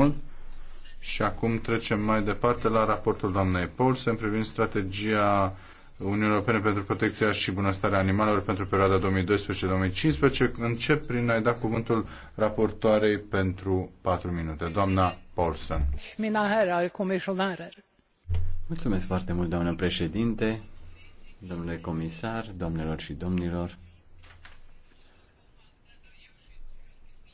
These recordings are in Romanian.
mult. Și acum trecem mai departe la raportul doamnei Paulsen privind strategia Uniunii Europene pentru protecția și bunăstarea animalelor pentru perioada 2012-2015. Încep prin a-i da cuvântul raportoarei pentru 4 minute. Doamna Paulsen. Mulțumesc foarte mult, doamnă președinte, domnule comisar, doamnelor și domnilor.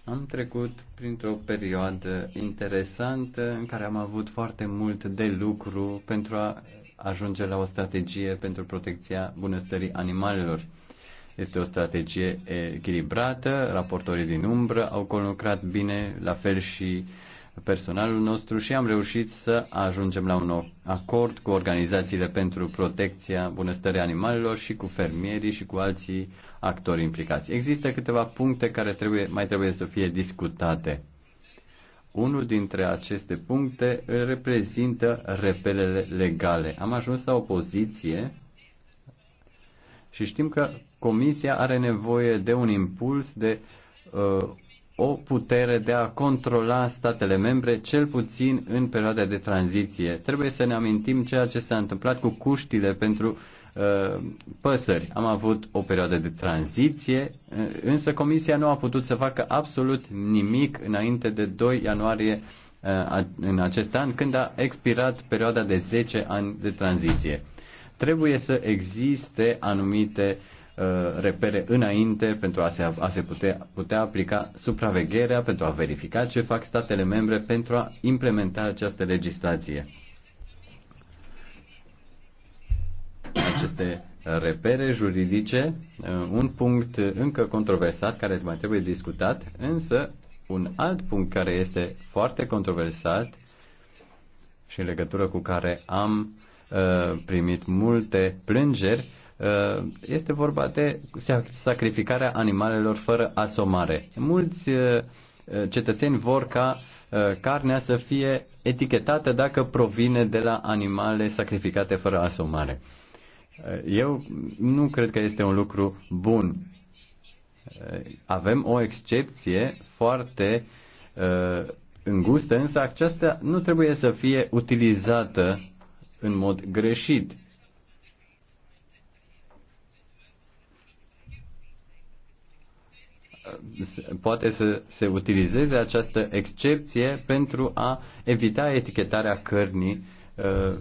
Am trecut printr-o perioadă interesantă în care am avut foarte mult de lucru pentru a ajunge la o strategie pentru protecția bunăstării animalelor. Este o strategie echilibrată, raportorii din umbră au conlucrat bine, la fel și uh, personalul nostru și am reușit să ajungem la un acord cu organizațiile pentru protecția bunăstării animalelor și cu fermierii și cu alții actori implicați. Există câteva puncte care trebuie, mai trebuie să fie discutate. Unul dintre aceste puncte îl reprezintă repelele legale. Am ajuns la o poziție și știm că Comisia are nevoie de un impuls de uh, o putere de a controla statele membre, cel puțin în perioada de tranziție. Trebuie să ne amintim ceea ce s-a întâmplat cu cuștile pentru uh, păsări. Am avut o perioadă de tranziție, uh, însă Comisia nu a putut să facă absolut nimic înainte de 2 ianuarie uh, în acest an, când a expirat perioada de 10 ani de tranziție. Trebuie să existe anumite uh, Uh, repere înainte pentru a se, a se putea, putea aplica supravegherea, pentru a verifica ce fac statele membre pentru a implementa această legislație. Aceste uh, repere juridice, uh, un punct încă controversat care mai trebuie discutat, însă un alt punct care este foarte controversat și în legătură cu care am uh, primit multe plângeri Uh, este vorba de sacrificarea animalelor fără asomare. Mulți uh, uh, cetățeni vor ca carnea să fie etichetată dacă provine de la animale sacrificate fără asomare. Eu nu cred că este un lucru bun. Avem o excepție foarte îngustă, însă aceasta nu trebuie să fie utilizată în mod greșit. poate să se utilizeze această excepție pentru a evita etichetarea cărnii uh,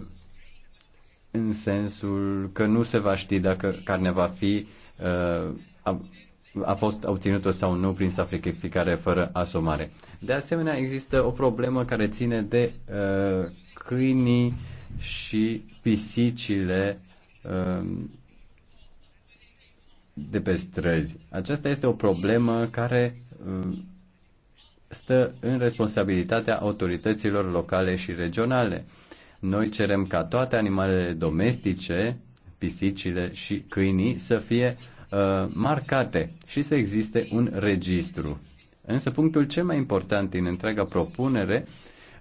în sensul că nu se va ști dacă carnea va fi uh, a, a fost obținută sau nu prin sacrificare fără asomare. De asemenea, există o problemă care ține de uh, câinii și pisicile de pe străzi. Aceasta este o problemă care uh, stă în responsabilitatea autorităților locale și regionale. Noi cerem ca toate animalele domestice, pisicile și câinii să fie uh, marcate și să existe un registru. Însă punctul cel mai important din întreaga propunere uh,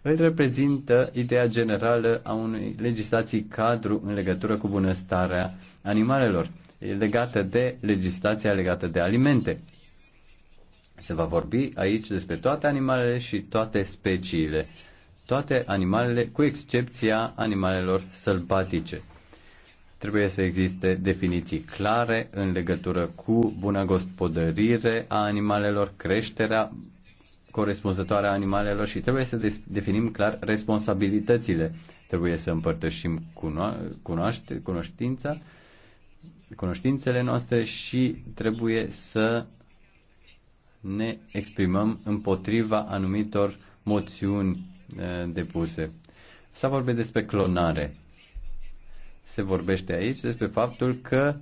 îl reprezintă ideea generală a unei legislații cadru în legătură cu bunăstarea animalelor, legată de legislația legată de alimente. Se va vorbi aici despre toate animalele și toate speciile, toate animalele cu excepția animalelor sălbatice. Trebuie să existe definiții clare în legătură cu buna gospodărire a animalelor, creșterea, corespunzătoare a animalelor și trebuie să definim clar responsabilitățile. Trebuie să împărtășim cuno- cunoaște, cunoștința, cunoștințele noastre și trebuie să ne exprimăm împotriva anumitor moțiuni eh, depuse. S-a vorbit despre clonare. Se vorbește aici despre faptul că uh,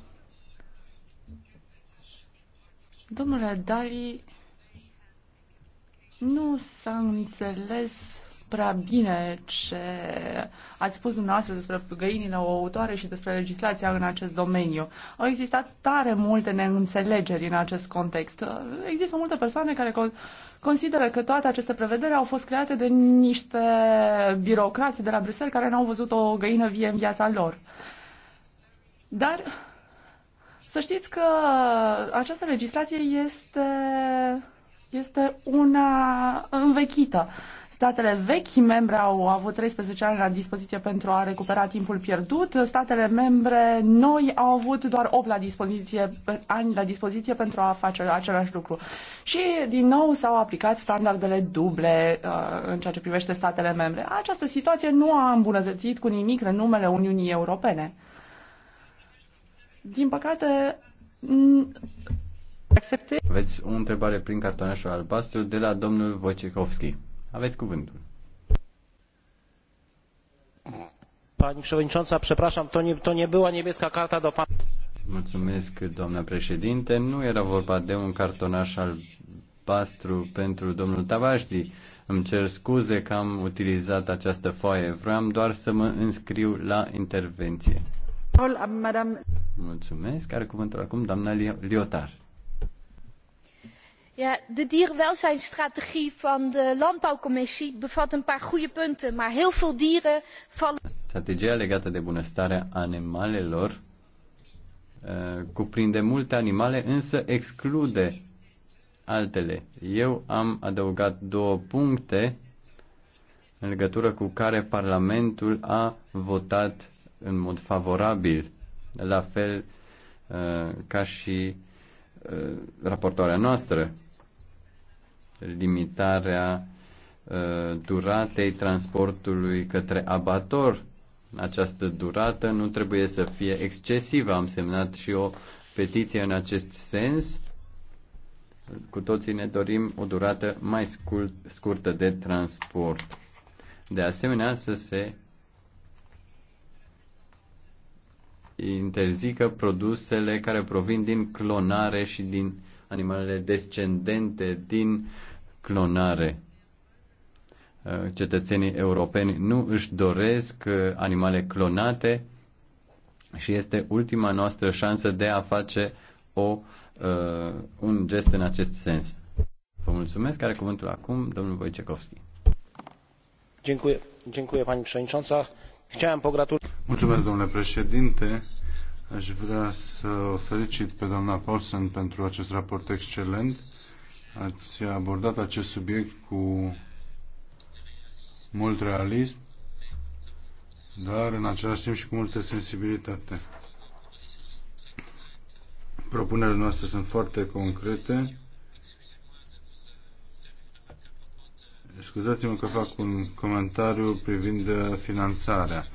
Domnule Dali, nu s-a înțeles prea bine ce ați spus dumneavoastră despre găinile ouătoare și despre legislația în acest domeniu. Au existat tare multe neînțelegeri în acest context. Există multe persoane care consideră că toate aceste prevederi au fost create de niște birocrați de la Bruxelles care n-au văzut o găină vie în viața lor. Dar să știți că această legislație este, este una învechită. Statele vechi membre au avut 13 ani la dispoziție pentru a recupera timpul pierdut. Statele membre noi au avut doar 8 la dispoziție, ani la dispoziție pentru a face același lucru. Și din nou s-au aplicat standardele duble uh, în ceea ce privește statele membre. Această situație nu a îmbunătățit cu nimic renumele Uniunii Europene. Din păcate, accepte. Aveți o întrebare prin cartonașul albastru de la domnul Wojciechowski. Aveți cuvântul. Pani przewodnicząca, przepraszam, to nie, to nie była niebieska karta do pana. Mulțumesc, doamna președinte. Nu era vorba de un cartonaș albastru pentru domnul Tavașdi. Îmi cer scuze că am utilizat această foaie. Vreau doar să mă înscriu la intervenție. Madame... Mulțumesc. Are cuvântul acum doamna Liotar. Ja, de dierenwelzijnstrategie van de landbouwcommissie bevat een paar goede punten, maar heel veel dieren vallen. Strategia legată de bunăstarea animalelor uh, cuprinde multe animale, însă exclude altele. Eu am adăugat două puncte în legătură cu care Parlamentul a votat în mod favorabil la fel uh, ca și uh, raportoarea noastră. Limitarea uh, duratei transportului către abator. Această durată nu trebuie să fie excesivă. Am semnat și o petiție în acest sens. Cu toții ne dorim o durată mai scurtă de transport. De asemenea, să se interzică produsele care provin din clonare și din animalele descendente din clonare. Uh, cetățenii europeni nu își doresc uh, animale clonate și este ultima noastră șansă de a face o, uh, un gest în acest sens. Vă mulțumesc. Are cuvântul acum domnul Wojciechowski. Dziękuję, dziękuję pani przewodnicząca. Chciałem pogratulować. Mulțumesc, domnule președinte. Aș vrea să o felicit pe doamna Paulsen pentru acest raport excelent. Ați abordat acest subiect cu mult realism, dar în același timp și cu multă sensibilitate. Propunerile noastre sunt foarte concrete. Scuzați-mă că fac un comentariu privind finanțarea.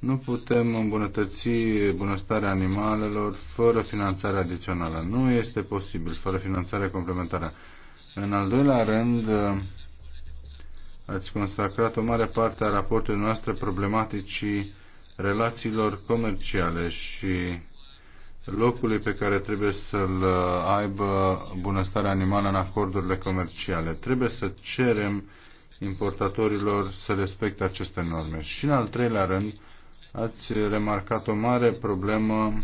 Nu putem îmbunătăți bunăstarea animalelor fără finanțare adițională. Nu este posibil fără finanțare complementară. În al doilea rând, ați consacrat o mare parte a raportului noastre problematicii relațiilor comerciale și locului pe care trebuie să-l aibă bunăstarea animală în acordurile comerciale. Trebuie să cerem importatorilor să respecte aceste norme. Și în al treilea rând, Ați remarcat o mare problemă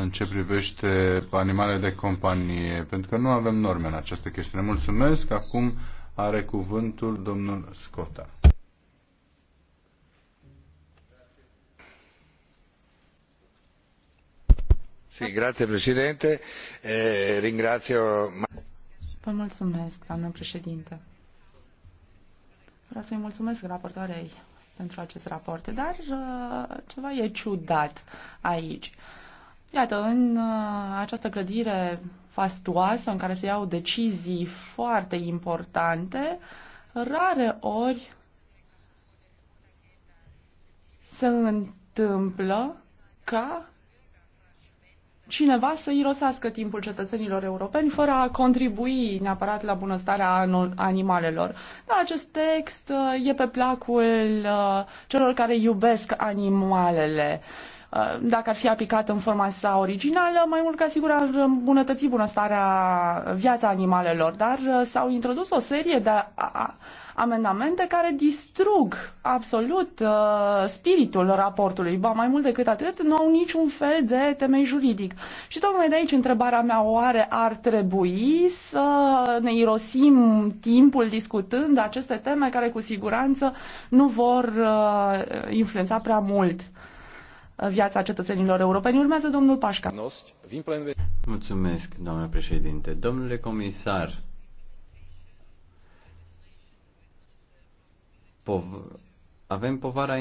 în ce privește animale de companie, pentru că nu avem norme în această chestiune. Mulțumesc. Acum are cuvântul domnul Scota. Sì, grazie Presidente. Eh, ringrazio... Vă mulțumesc, doamnă președinte. Vreau să-i mulțumesc raportoarei pentru acest raport, dar uh, ceva e ciudat aici. Iată, în uh, această clădire fastuoasă în care se iau decizii foarte importante, rare ori se întâmplă ca cineva să irosească timpul cetățenilor europeni fără a contribui neapărat la bunăstarea animalelor. Da, acest text uh, e pe placul uh, celor care iubesc animalele. Uh, dacă ar fi aplicat în forma sa originală, mai mult ca sigur ar îmbunătăți bunăstarea viața animalelor, dar uh, s-au introdus o serie de amendamente care distrug absolut uh, spiritul raportului. Ba, mai mult decât atât, nu au niciun fel de temei juridic. Și tocmai de aici întrebarea mea, oare ar trebui să ne irosim timpul discutând aceste teme care cu siguranță nu vor uh, influența prea mult viața cetățenilor europeni. Urmează domnul Pașca. Mulțumesc, domnule președinte. Domnule comisar, pov- avem povara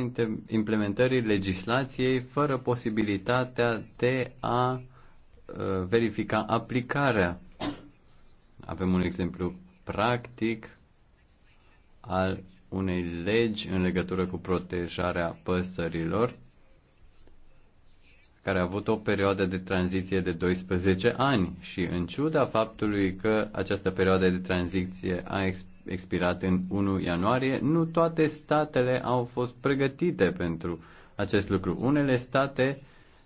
implementării legislației fără posibilitatea de a uh, verifica aplicarea. Avem un exemplu practic al unei legi în legătură cu protejarea păsărilor care a avut o perioadă de tranziție de 12 ani și în ciuda faptului că această perioadă de tranziție a expirat în 1 ianuarie, nu toate statele au fost pregătite pentru acest lucru. Unele state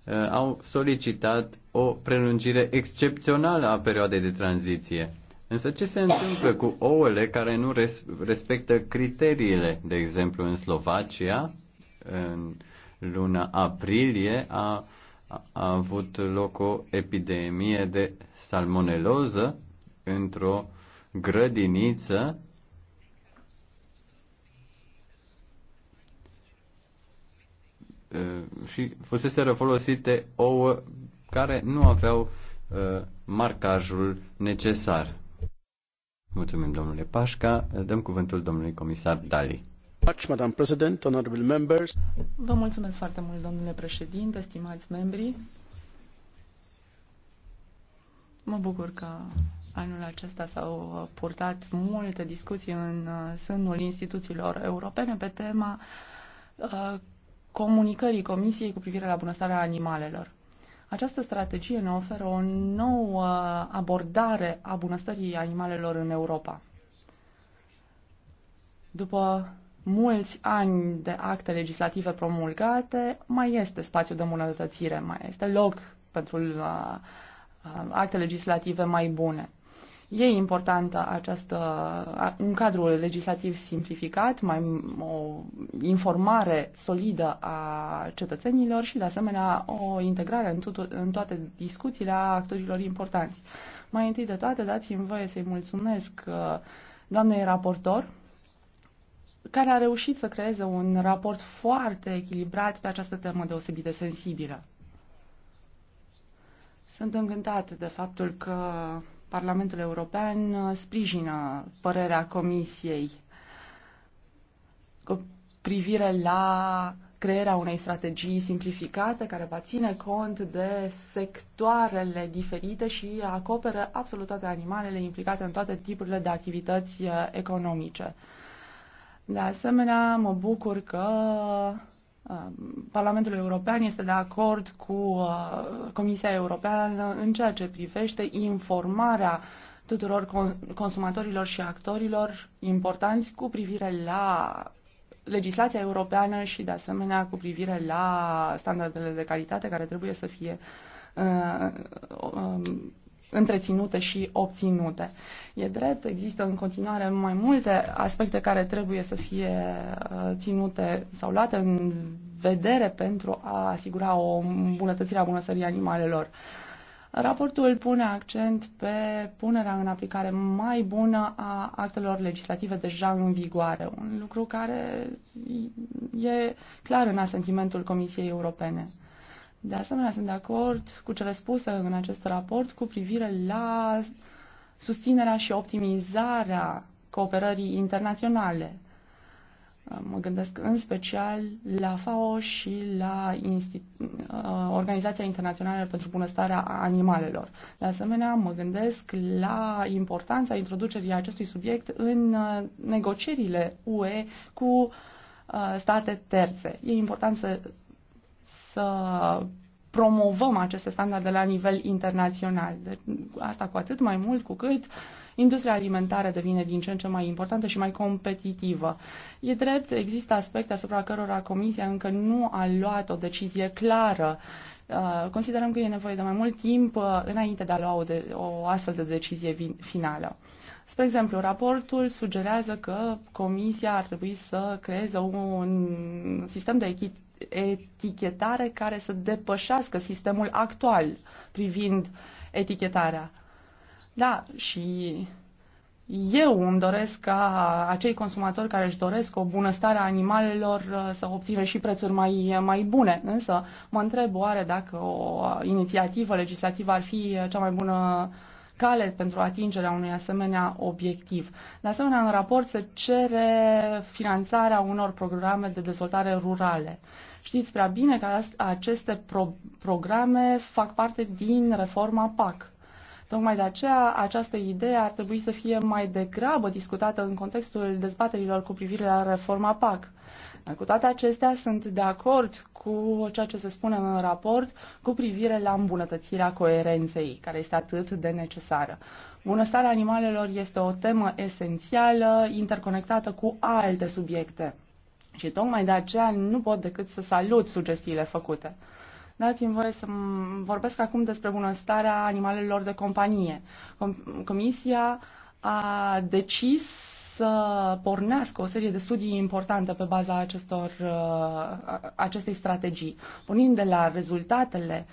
uh, au solicitat o prelungire excepțională a perioadei de tranziție. Însă ce se întâmplă cu ouăle care nu res- respectă criteriile? De exemplu, în Slovacia, în luna aprilie, a a avut loc o epidemie de salmoneloză într-o grădiniță uh, și fuseseră folosite ouă care nu aveau uh, marcajul necesar. Mulțumim, domnule Pașca. Dăm cuvântul domnului comisar Dali. Vă mulțumesc foarte mult, domnule președinte, stimați membri. Mă bucur că anul acesta s-au purtat multe discuții în uh, sânul instituțiilor europene pe tema uh, comunicării Comisiei cu privire la bunăstarea animalelor. Această strategie ne oferă o nouă abordare a bunăstării animalelor în Europa. După mulți ani de acte legislative promulgate, mai este spațiu de îmbunătățire, mai este loc pentru uh, uh acte legislative mai bune. E importantă această, un cadru legislativ simplificat, mai o informare solidă a cetățenilor și, de asemenea, o integrare în, tutu- în toate discuțiile a actorilor importanți. Mai întâi de toate, dați-mi voie să-i mulțumesc uh, doamnei raportor care a reușit să creeze un raport foarte echilibrat pe această temă deosebit de sensibilă. Sunt încântat de faptul că Parlamentul European sprijină părerea Comisiei cu privire la crearea unei strategii simplificate care va ține cont de sectoarele diferite și acoperă absolut toate animalele implicate în toate tipurile de activități economice. De asemenea, mă bucur că uh, Parlamentul European este de acord cu uh, Comisia Europeană în ceea ce privește informarea tuturor consumatorilor și actorilor importanți cu privire la legislația europeană și, de asemenea, cu privire la standardele de calitate care trebuie să fie uh, um, întreținute și obținute. E drept, există în continuare mai multe aspecte care trebuie să fie uh, ținute sau luate în vedere pentru a asigura o îmbunătățire a bunăsării animalelor. Raportul pune accent pe punerea în aplicare mai bună a actelor legislative deja în vigoare, un lucru care e clar în asentimentul Comisiei Europene. De asemenea, sunt de acord cu cele spuse în acest raport cu privire la susținerea și optimizarea cooperării internaționale. Mă gândesc în special la FAO și la uh, Organizația Internațională pentru Bunăstarea Animalelor. De asemenea, mă gândesc la importanța introducerii acestui subiect în uh, negocierile UE cu uh, state terțe. E important să să promovăm aceste standarde la nivel internațional. Deci, asta cu atât mai mult cu cât industria alimentară devine din ce în ce mai importantă și mai competitivă. E drept, există aspecte asupra cărora Comisia încă nu a luat o decizie clară. Uh, considerăm că e nevoie de mai mult timp uh, înainte de a lua o, de, o astfel de decizie finală. Spre exemplu, raportul sugerează că Comisia ar trebui să creeze un sistem de etichetare care să depășească sistemul actual privind etichetarea. Da, și eu îmi doresc ca acei consumatori care își doresc o bunăstare a animalelor uh, să obțină și prețuri mai, mai bune. Însă mă întreb oare dacă o inițiativă legislativă ar fi uh, cea mai bună uh, cale pentru atingerea unui asemenea obiectiv. De asemenea, în raport se cere finanțarea unor programe de dezvoltare rurale. Știți prea bine că aceste pro- programe fac parte din reforma PAC. Tocmai de aceea această idee ar trebui să fie mai degrabă discutată în contextul dezbaterilor cu privire la reforma PAC. Cu toate acestea, sunt de acord cu ceea ce se spune în raport cu privire la îmbunătățirea coerenței, care este atât de necesară. Bunăstarea animalelor este o temă esențială, interconectată cu alte subiecte. Și tocmai de aceea nu pot decât să salut sugestiile făcute. Dați-mi voie să vorbesc acum despre bunăstarea animalelor de companie. Com Comisia a decis să pornească o serie de studii importante pe baza acestor, uh, acestei strategii. Pornind de la rezultatele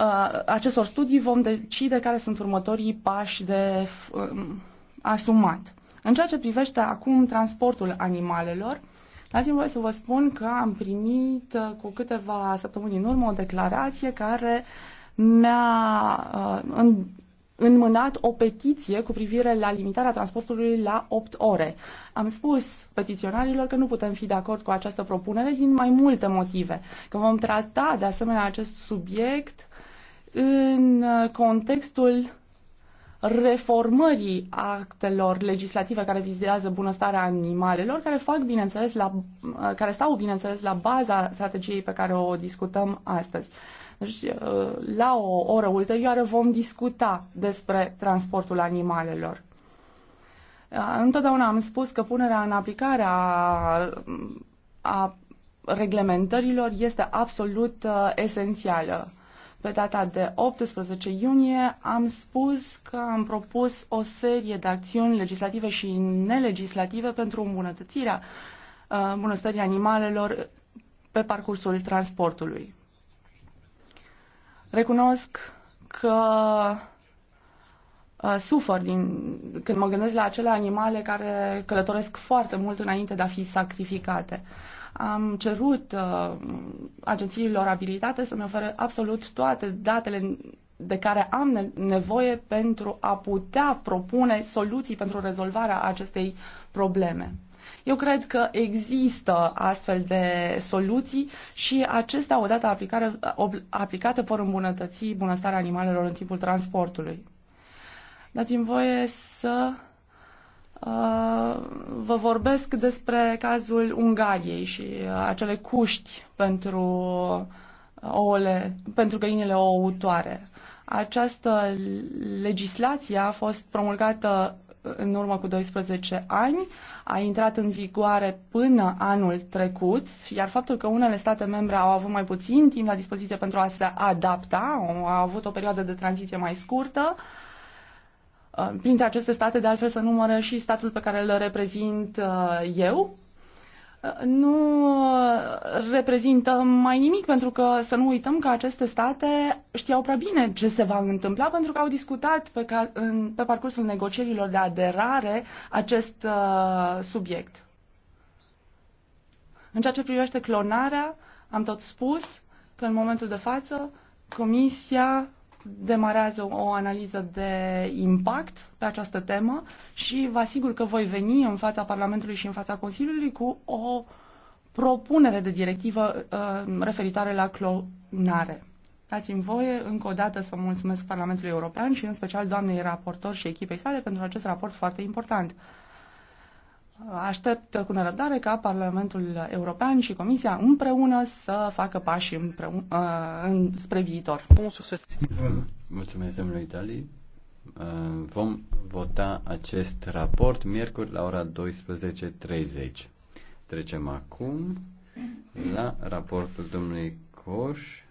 uh, acestor studii, vom decide care sunt următorii pași de um, asumat. În ceea ce privește acum transportul animalelor, Dați-mi voie să vă spun că am primit uh, cu câteva săptămâni în urmă o declarație care mi-a înmânat o petiție cu privire la limitarea transportului la 8 ore. Am spus petiționarilor că nu putem fi de acord cu această propunere din mai multe motive, că vom trata de asemenea acest subiect în uh, contextul reformării actelor legislative care vizează bunăstarea animalelor, care fac, bineînțeles, la, care stau, bineînțeles, la baza strategiei pe care o discutăm astăzi. Deci, uh, la o oră ulterioară vom discuta despre transportul animalelor. Uh, întotdeauna am spus că punerea în aplicare a, a reglementărilor este absolut uh, esențială pe data de 18 iunie am spus că am propus o serie de acțiuni legislative și nelegislative pentru îmbunătățirea uh, bunăstării animalelor pe parcursul transportului. Recunosc că Uh, sufăr din, când mă gândesc la acele animale care călătoresc foarte mult înainte de a fi sacrificate. Am cerut uh, agențiilor abilitate să-mi ofere absolut toate datele de care am nevoie pentru a putea propune soluții pentru rezolvarea acestei probleme. Eu cred că există astfel de soluții și acestea, odată aplicate, vor îmbunătăți bunăstarea animalelor în timpul transportului. Dați-mi voie să uh, vă vorbesc despre cazul Ungariei și uh, acele cuști pentru uh, ouăle, pentru găinile ouătoare. Această legislație a fost promulgată în urmă cu 12 ani, a intrat în vigoare până anul trecut, iar faptul că unele state membre au avut mai puțin timp la dispoziție pentru a se adapta, au avut o perioadă de tranziție mai scurtă, uh, Uh, printre aceste state, de altfel, să numără și statul pe care îl reprezint uh, eu. Uh, nu reprezintă mai nimic, pentru că să nu uităm că aceste state știau prea bine ce se va întâmpla, pentru că au discutat pe, ca, în, pe parcursul negocierilor de aderare acest uh, subiect. În ceea ce privește clonarea, am tot spus că în momentul de față Comisia demarează o analiză de impact pe această temă și vă asigur că voi veni în fața Parlamentului și în fața Consiliului cu o propunere de directivă uh, referitoare la clonare. Dați-mi voie încă o dată să mulțumesc Parlamentului European și în special doamnei raportor și echipei sale pentru acest raport foarte important. Aștept cu nerăbdare ca Parlamentul European și Comisia împreună să facă pași împreună, spre viitor. Mulțumesc, domnule Italii. Ă, vom vota acest raport miercuri la ora 12.30. Trecem acum la raportul domnului Coș